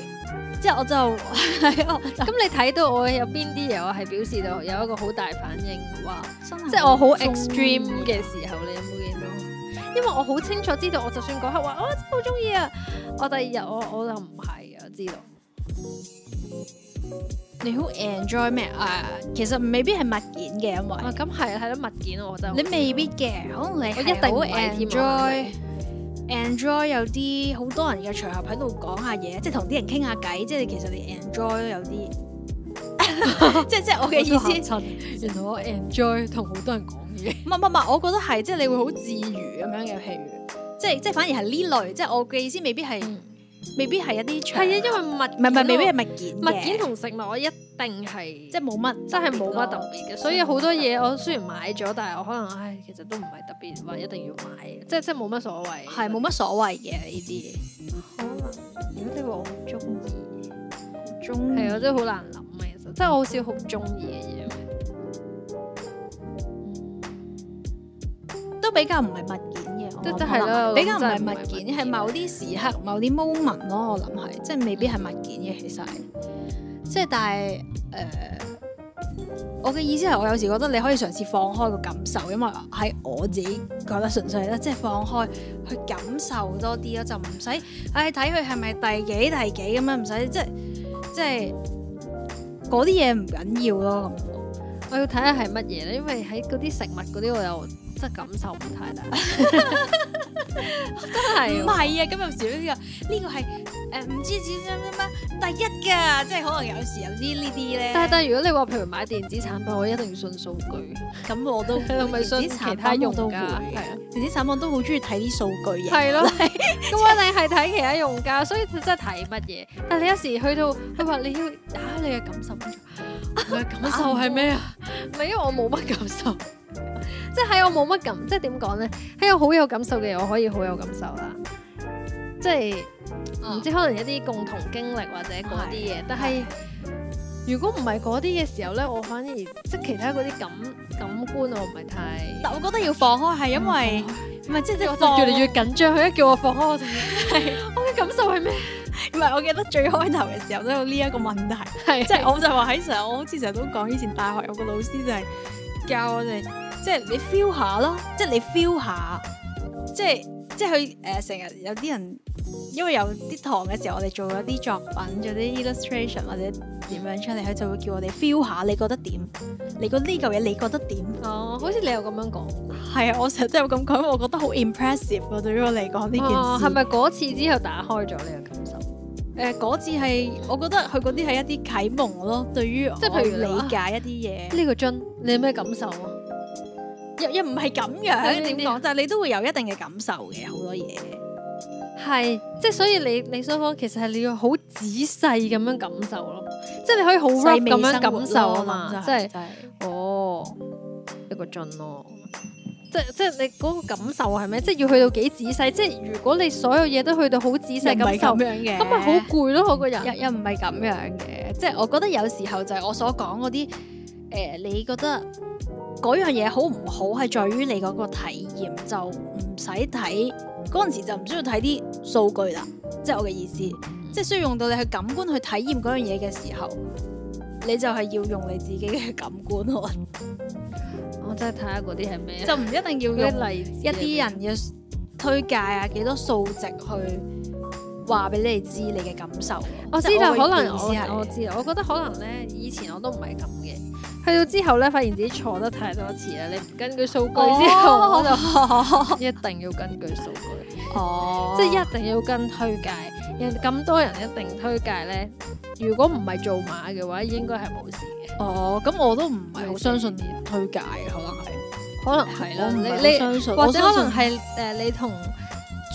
即係我就係哦。咁 你睇到我有邊啲嘢我係表示到有一個好大反應哇，即係我好 extreme 嘅時候咧。因為我好清楚知道，我就算嗰刻話我、啊、真係好中意啊，我第二日我我就唔係啊，知道。你好 enjoy 咩啊？其實未必係物件嘅，因為啊咁係係都物件，我覺得你未必嘅，可、啊、能你係好 enjoy。enjoy 受有啲好多人嘅場合喺度講下嘢、嗯，即係同啲人傾下偈，即係其實你 enjoy 有啲。即即我嘅意思，原來我 enjoy 同好多人講嘢，唔係唔係，我覺得係即你會好自如咁樣嘅，譬如即即反而係呢類，即我嘅意思未必係未必係一啲長，係啊，因為物唔係唔係未必係物件，物件同食物我一定係即冇乜，真係冇乜特別嘅，所以好多嘢我雖然買咗，但係我可能唉，其實都唔係特別話一定要買，即即冇乜所謂，係冇乜所謂嘅呢啲嘢，可能如果你會好中意？好中意係啊，真係好難諗。即係好少好中意嘅嘢，嗯、都比較唔係物件嘅，即係即係啦，比較唔係物件，係某啲時刻、嗯、某啲 moment 咯。我諗係，即係未必係物件嘅，其實。即係但係，誒、呃，我嘅意思係，我有時覺得你可以嘗試放開個感受，因為喺我自己覺得純粹咧，即係放開去感受多啲咯，就唔使，誒、哎，睇佢係咪第幾第幾咁樣，唔使即係即係。嗰啲嘢唔緊要咯，咁我要睇下係乜嘢咧，因為喺嗰啲食物嗰啲，我又即係感受唔太大，真係唔係啊！今日少少啊，呢、呢個係。誒，唔知點樣咩咩，第一噶，即係可能有時有啲呢啲咧。但係但係，如果你話譬如買電子產品，我一定要信數據。咁我都係信其他用家，電子產品都好中意睇啲數據嘢。係咯，咁你係睇其他用家，所以真係睇乜嘢。但係你有時去到，佢話你要打開你嘅感受。我嘅感受係咩啊？唔係因為我冇乜感受，即係喺我冇乜感，即係點講咧？喺我好有感受嘅，我可以好有感受啦，即係。唔知可能有啲共同經歷或者嗰啲嘢，但係如果唔係嗰啲嘅時候咧，我反而即係其他嗰啲感感官，我唔係太。但我覺得要放開，係因為唔係即係我就越嚟越緊張，佢一叫我放開，我就係我嘅感受係咩，唔係我記得最開頭嘅時候都有呢一個問題，係即係我就話喺時候，我好似成日都講以前大學有個老師就係教我哋，即係你 feel 下咯，即係你 feel 下，即係即係佢誒成日有啲人。因為有啲堂嘅時候，我哋做咗啲作品，做啲 illustration 或者點樣出嚟，佢就會叫我哋 feel 下你覺得點？你覺得呢嚿嘢你覺得點？哦，好似你又咁樣講。係啊，我成日都有咁講，我覺得好 impressive 啊，對於我嚟講呢件事。係咪嗰次之後打開咗你嘅感受？誒、嗯，嗰、呃、次係，我覺得佢嗰啲係一啲啟蒙咯，對於即係譬如理解一啲嘢。呢、啊這個樽，你有咩感受啊？又又唔係咁樣點講，就係你都會有一定嘅感受嘅，好多嘢。係，即係所以你你雙方其實係你要好仔細咁樣感受咯，即係你可以好細味咁樣感受啊嘛，即係哦一個樽咯，即係即係你嗰個感受係咩？即係要去到幾仔細？即係如果你所有嘢都去到好仔細咁樣嘅，咁咪好攰咯，我個人又又唔係咁樣嘅，即係我覺得有時候就係我所講嗰啲誒，你覺得嗰樣嘢好唔好係在於你嗰個體驗，就唔使睇。嗰陣時就唔需要睇啲數據啦，即、就、係、係、我嘅意思，嗯、即係需要用到你去感官去體驗嗰樣嘢嘅時候，你就係要用你自己嘅感官咯。我、嗯、 我真係睇下嗰啲係咩，就唔一定要用例子 一啲人嘅推介啊，幾多數值去話俾你哋知、嗯、你嘅感受、哦我。我知道，可能我我知啊，我覺得可能咧，以前我都唔係咁嘅。去到之後咧，發現自己錯得太多次啦。你唔根據數據之後，我、哦、就一定要根據數據哦，即係一定要跟推介。咁多人一定推介咧，如果唔係做馬嘅話，應該係冇事嘅。哦，咁我都唔係好相信推介，推介可能係，可能係咯。你你或者可能係誒，你同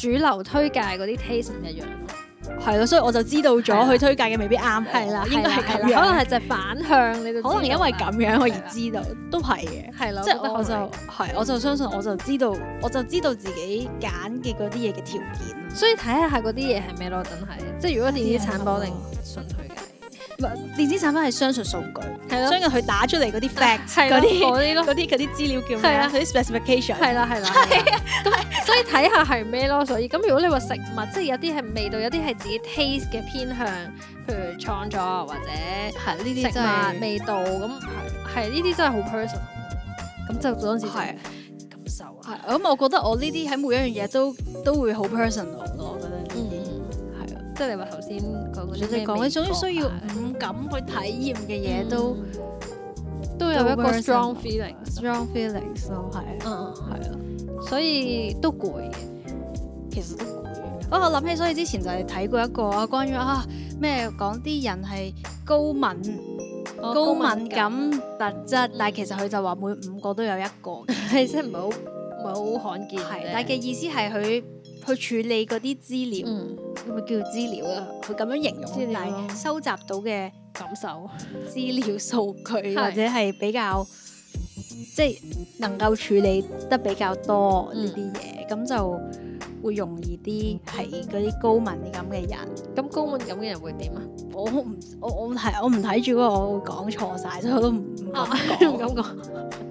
主流推介嗰啲 taste 唔一樣。係咯，所以我就知道咗佢推介嘅，未必啱。係啦，應該係咁樣，可能係就係反向，你都可能因為咁樣，可以知道都係嘅。係咯，即係我就係，我就相信，我就知道，我就知道自己揀嘅嗰啲嘢嘅條件。所以睇下下嗰啲嘢係咩咯，真係。即係如果電子產品，定純推介唔係電子產品係相信數據。所以佢打出嚟嗰啲 facts 嗰啲嗰啲啲資料叫咩？嗰啲 specification，係啦，係啦，係啊，咁，所以睇下係咩咯？所以咁如果你話食物，即係有啲係味道，有啲係自己 taste 嘅偏向，譬如創作或者係呢啲食物味道咁，係呢啲真係好 personal。咁就當時係感受啊。係。咁我覺得我呢啲喺每一樣嘢都都會好 personal 咯，我覺得。即係你話頭先，我正講，你總之需要五感去體驗嘅嘢，都都有一個 strong feeling，strong feeling，所以係，嗯，係啊，所以都攰嘅，其實都攰嘅。哦，我諗起，所以之前就係睇過一個關於啊咩講啲人係高敏、高敏感特質，但係其實佢就話每五個都有一個，即係唔係好唔係好罕見嘅，但係嘅意思係佢。去處理嗰啲資料，咪、嗯、叫資料啊。佢咁樣形容嚟料收集到嘅感受、資料數據，嗯、或者係比較即係、就是、能夠處理得比較多呢啲嘢，咁、嗯、就會容易啲係嗰啲高敏咁嘅人。咁高敏咁嘅人會點啊？我唔我我睇我唔睇住，我會講錯晒，所以我都唔敢講。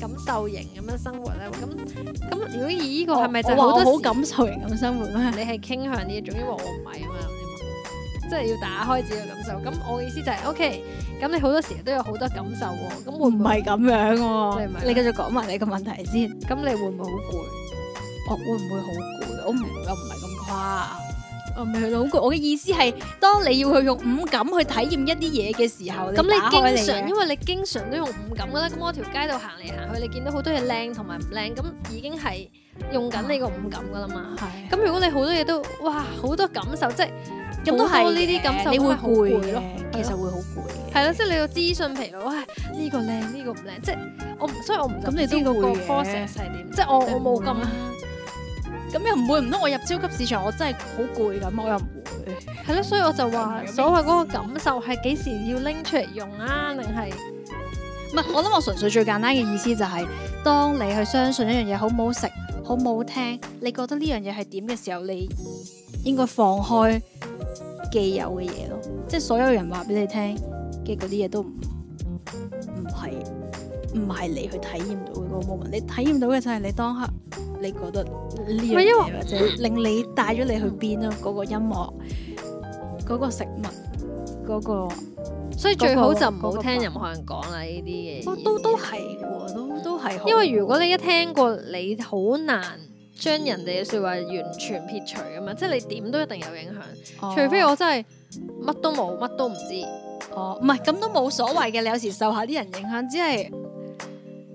感受型咁樣生活咧，咁咁如果以呢個係咪就好多好感受型咁生活咩？你係傾向啲，總之話我唔係啊嘛，即係要打開自己嘅感受。咁我嘅意思就係、是、OK，咁你好多時都有好多感受喎，咁會唔係咁樣喎、啊？你，是是你繼續講埋你個問題先。咁你會唔會好攰、 哦？我會唔會好攰？我唔又唔係咁誇。好攰，唔係咯，我嘅意思係，當你要去用五感去體驗一啲嘢嘅時候，咁你經常，因為你經常都用五感噶啦，咁我條街度行嚟行去，你見到好多嘢靚同埋唔靚，咁已經係用緊你個五感噶啦嘛。咁如果你好多嘢都，哇，好多感受，即係咁多呢啲感受，你會攰咯，其實會好攰嘅。係咯，即係你要資訊疲勞，喂，呢個靚，呢個唔靚，即係我，所以我唔咁你個 process 係點？即係我我冇咁。咁又唔會唔通我入超級市場，我真係好攰咁，我又唔會。係咯， 所以我就話所謂嗰個感受係幾時要拎出嚟用啊？定係唔係？我諗我純粹最簡單嘅意思就係，當你去相信一樣嘢好唔好食、好唔好聽，你覺得呢樣嘢係點嘅時候，你應該放開既有嘅嘢咯。即係所有人話俾你聽嘅嗰啲嘢都唔唔係唔係你去體驗到嘅個 moment。你體驗到嘅就係你當刻。你覺得呢樣嘢因為 或者令你帶咗你去邊啊？嗰 個音樂、嗰、嗰個食物、嗰、嗰個，所以最好就唔好聽任何人講啦！呢啲嘢，都都都係喎，都都係。因為如果你一聽過，你好難將人哋嘅説話完全撇除㗎嘛，即係你點都一定有影響。哦、除非我真係乜都冇，乜都唔知。哦，唔係，噉都冇所謂嘅。你有時受下啲人影響，只係。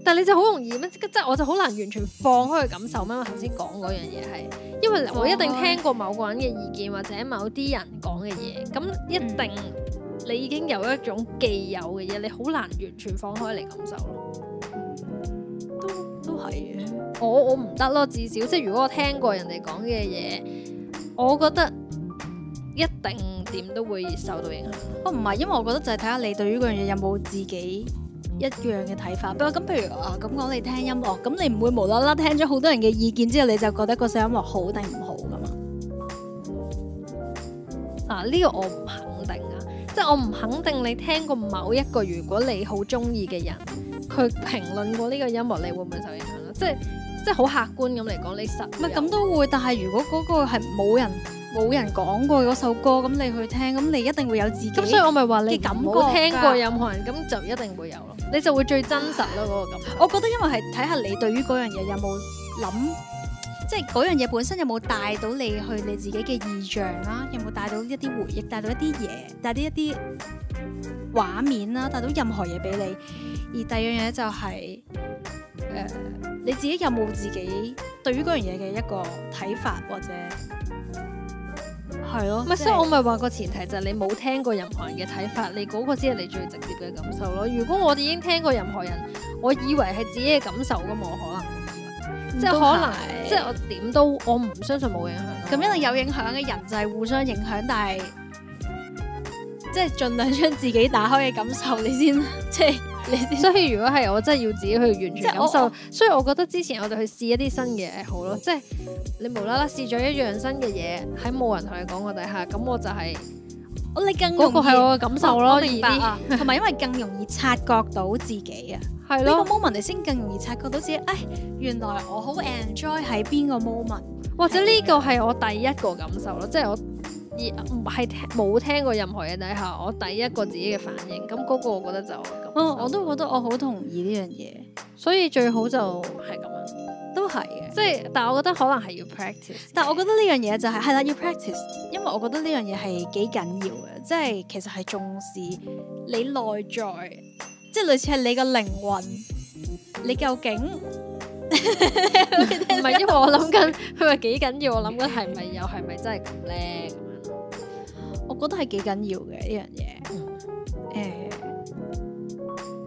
但你就好容易咩？即即我就好難完全放開去感受咩？我頭先講嗰樣嘢係，因為我一定聽過某個人嘅意見或者某啲人講嘅嘢，咁一定你已經有一種既有嘅嘢，你好難完全放開嚟感受咯。都都係嘅。我我唔得咯，至少即如果我聽過人哋講嘅嘢，我覺得一定點都會受到影響。哦，唔係，因為我覺得就係睇下你對於嗰樣嘢有冇自己。一樣嘅睇法，不過咁譬如啊，咁講你聽音樂，咁你唔會無啦啦聽咗好多人嘅意見之後，你就覺得嗰首音樂好定唔好㗎嘛？嗱、啊，呢個我唔肯定啊，即係我唔肯定你聽過某一個如果你好鍾意嘅人，佢評論過呢個音樂，你會唔會受影響咧？即係即係好客觀咁嚟講，你實唔係咁都會，但係如果嗰個係冇人。冇人講過嗰首歌，咁你去聽，咁你一定會有自己嘅感覺。聽過任何人，咁、嗯、就一定會有咯。你就會最真實咯嗰、嗯、個感覺。我覺得因為係睇下你對於嗰樣嘢有冇諗，即係嗰樣嘢本身有冇帶到你去你自己嘅意象啦，有冇帶到一啲回憶，帶到一啲嘢，帶到一啲畫面啦，帶到任何嘢俾你。而第二樣嘢就係、是、誒、呃、你自己有冇自己對於嗰樣嘢嘅一個睇法或者？係咯，咪、啊、所以我咪話個前提就係、是、你冇聽過任何人嘅睇法，你嗰個先係你最直接嘅感受咯。如果我哋已經聽過任何人，我以為係自己嘅感受㗎，嘛，可能即係可能，即係我點都我唔相信冇影響。咁因為有影響嘅人就係互相影響，但係即係盡量將自己打開嘅感受，你先即係。所以如果係我真係要自己去完全感受，所以我覺得之前我哋去試一啲新嘅好咯，即係你無啦啦試咗一樣新嘅嘢喺冇人同你講嘅底下，咁我就係、是、你更嗰個係我嘅感受咯，明白啊？同埋 因為更容易察覺到自己啊，係咯，呢個 moment 嚟，先更容易察覺到自己，唉、哎，原來我好 enjoy 喺邊個 moment，或者呢個係我第一個感受咯，的即係我。而唔係聽冇聽過任何嘢底下，我第一個自己嘅反應，咁嗰個我覺得就咁，哦，我都覺得我好同意呢樣嘢，所以最好就係咁樣，都係嘅，即係以，但係我覺得可能係要 practice，但係我覺得呢樣嘢就係係啦要 practice，因為我覺得呢樣嘢係幾緊要嘅，即係其實係重視你內在，即係類似係你個靈魂，你究竟唔係 因為我諗緊佢話幾緊要，我諗緊係咪又係咪真係咁叻？我覺得係幾緊要嘅呢樣嘢，誒、嗯欸，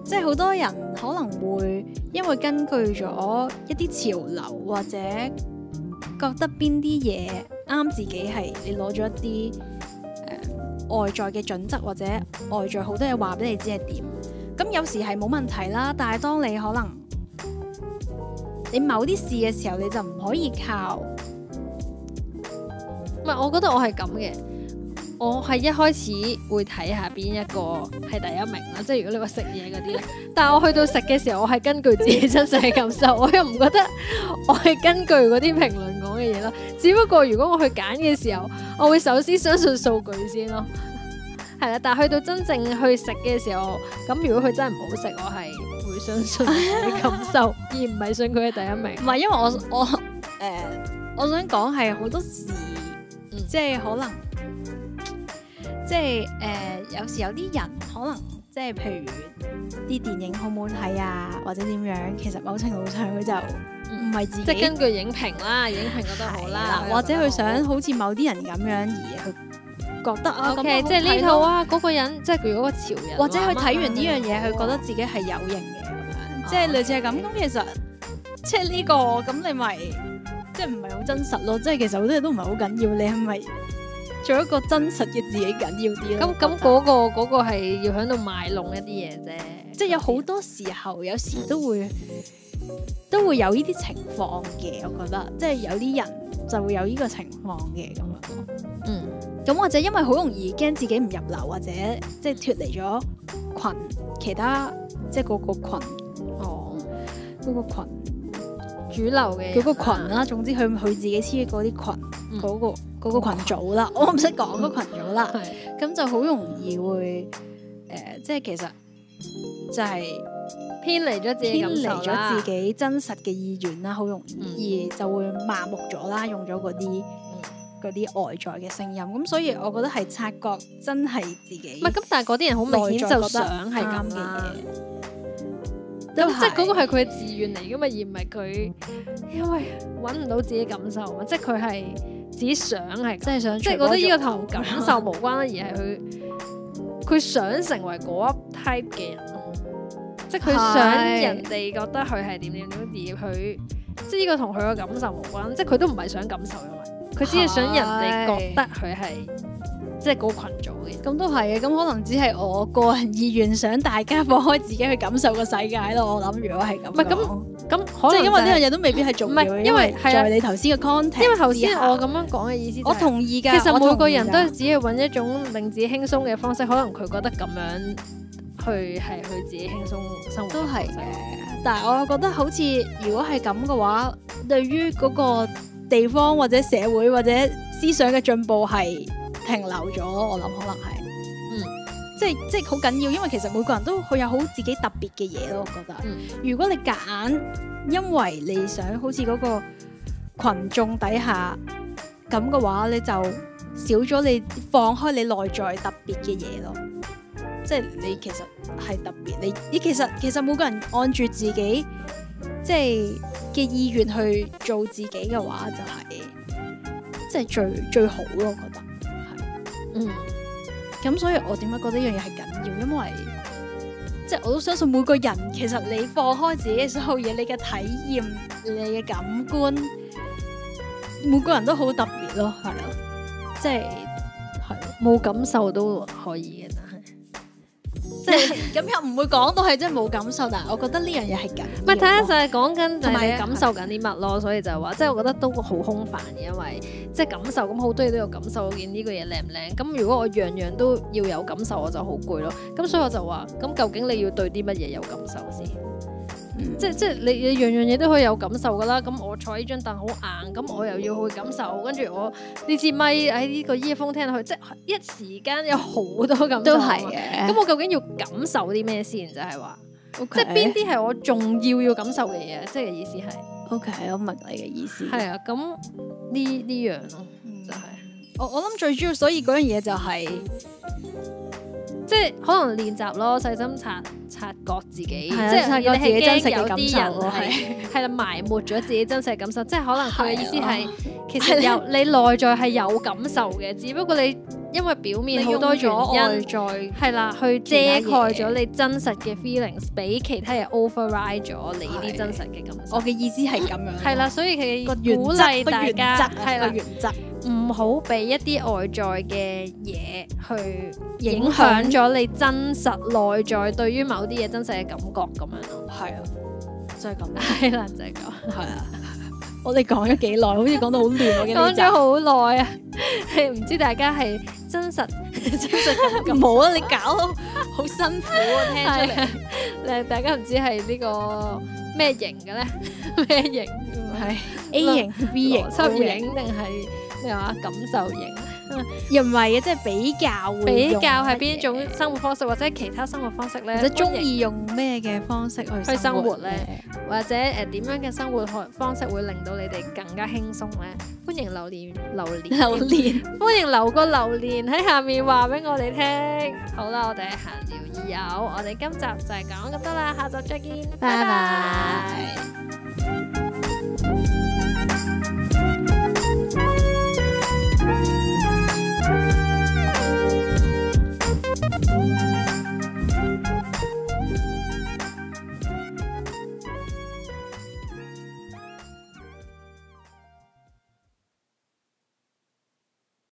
即係好多人可能會因為根據咗一啲潮流或者覺得邊啲嘢啱自己係，你攞咗一啲、呃、外在嘅準則或者外在好多嘢話俾你知係點，咁有時係冇問題啦。但係當你可能你某啲事嘅時候，你就唔可以靠，唔係我覺得我係咁嘅。我係一開始會睇下邊一個係第一名啦，即係如果你話食嘢嗰啲，但係我去到食嘅時候，我係根據自己真實嘅感受，我又唔覺得我係根據嗰啲評論講嘅嘢咯。只不過如果我去揀嘅時候，我會首先相信數據先咯。係啦，但係去到真正去食嘅時候，咁如果佢真係唔好食，我係會相信你感受， 而唔係信佢嘅第一名。唔係，因為我我誒、呃，我想講係好多時，即係、嗯、可能。即係誒、呃，有時有啲人可能即係，譬如啲電影好唔好睇啊，或者點樣？其實某程度上佢就唔係自己，即根據影評啦，影評覺得好啦，或者佢想好似某啲人咁樣而佢覺得啊，okay，啊啊即係呢套啊，嗰、嗰個人即係佢嗰個潮人、啊，或者佢睇完呢樣嘢，佢、啊、覺得自己係有型嘅，咁樣即係類似係咁。咁 okay, okay. 其實即係呢個咁，你咪即係唔係好真實咯？即係其實好多嘢都唔係好緊要，你係咪？做一個真實嘅自己緊要啲咯。咁咁嗰個嗰個係要喺度賣弄一啲嘢啫。即係有好多時候，有時都會都會有呢啲情況嘅。我覺得，即係有啲人就會有呢個情況嘅咁樣咯。嗯。咁或者因為好容易驚自己唔入流或者即係脫離咗群，其他即係嗰個群哦，嗰個群主流嘅嗰個群啦。總之佢佢自己黐嗰啲群嗰個。嗰個羣組啦，我唔識講嗰群組啦，咁就好容易會誒、呃，即係其實就係偏離咗自己感受，偏離咗自己真實嘅意願啦，好容易就會麻木咗啦，用咗嗰啲啲外在嘅聲音，咁所以我覺得係察覺真係自己，唔係咁，但係嗰啲人好明顯就想係咁嘅嘢，即係嗰個係佢嘅志願嚟噶嘛，而唔係佢因為搵唔到自己感受啊，即係佢係。只想係，即係想，即係覺得呢個同感受無關啦，嗯、而係佢佢想成為嗰 type 嘅人，是即係佢想人哋覺得佢係點點點，而佢即係呢個同佢個感受無關，即係佢都唔係想感受嘅嘛，佢只係想人哋覺得佢係即係嗰個羣組嘅，咁都係嘅，咁可能只係我個人意願，想大家放開自己去感受個世界咯，我諗如果係咁。咁可能因為呢樣嘢都未必係做唔到，因為係你頭先嘅 content。因為頭先我咁樣講嘅意思、就係，我同意㗎。其實每個人都只係揾一種令自己輕鬆嘅方式，可能佢覺得咁樣去係去自己輕鬆生活都係嘅。但係我又覺得好似如果係咁嘅話，對於個地方或者社會或者思想嘅進步係停留咗。我諗可能係。即係即係好緊要，因為其實每個人都佢有好自己特別嘅嘢咯，我覺得。嗯、如果你夾硬，因為你想好似嗰個群眾底下咁嘅話，你就少咗你放開你內在特別嘅嘢咯。即係你其實係特別，你你其實其實每個人按住自己即係嘅意願去做自己嘅話，就係、是、即係最最好咯，我覺得係嗯。咁所以，我點解覺得呢樣嘢係緊要？因為即係我都相信每個人，其實你放開自己嘅所有嘢，你嘅體驗，你嘅感官，每個人都好特別咯，係咯，即係係冇感受都可以嘅。咁又唔會講到係真係冇感受，但係我覺得呢樣嘢係緊。咪睇下就係講緊就係感受緊啲乜咯，有所以就話即係我覺得都好空泛嘅，因為即係、就是、感受咁好多嘢都有感受，我見呢個嘢靚唔靚？咁如果我樣樣都要有感受，我就好攰咯。咁所以我就話，咁究竟你要對啲乜嘢有感受先？即即你你樣樣嘢都可以有感受噶啦，咁我坐呢張凳好硬，咁我又要去感受，跟住我呢支咪喺呢個耳風聽落去，即一時間有好多感受。都係嘅。咁我究竟要感受啲咩先？就係話，Okay. 即邊啲係我重要要感受嘅嘢？即意思係？OK，我問你嘅意思。係啊，咁呢呢樣咯，就係，嗯，我我諗最主要，所以嗰樣嘢就係。即係可能練習咯，細心察察覺自己，即係你係驚有啲人係係啦埋沒咗自己真實嘅感受，即係可能佢嘅意思係其實有你內在係有感受嘅，只不過你因為表面好多咗外在係啦，去遮蓋咗你真實嘅 feelings，俾其他人 override 咗你啲真實嘅感受。我嘅意思係咁樣，係啦，所以佢嘅鼓勵大家係啦。唔好俾一啲外在嘅嘢去影響咗你真實內在對於某啲嘢真實嘅感覺咁樣咯，係啊，就係咁，係啦，就係咁，係啊。我哋講咗幾耐，好似講到好亂喎，講咗好耐啊。誒，唔知大家係真實真實冇啊？你搞好辛苦啊，聽出嚟。誒，大家唔知係呢個咩型嘅咧？咩型？係 A 型、B 型、O 型定係？咩話？感受型？又唔係嘅，即係比較，比較係邊一種生活方式或者其他生活方式咧？或者中意用咩嘅方式去去生活咧？或者誒，點樣嘅生活方式會令到你哋更加輕鬆咧？歡迎留言留言留言，歡迎留個留言喺下面話俾我哋聽。好啦，我哋閒聊而友，我哋今集就係講到啦，下集再見，拜拜。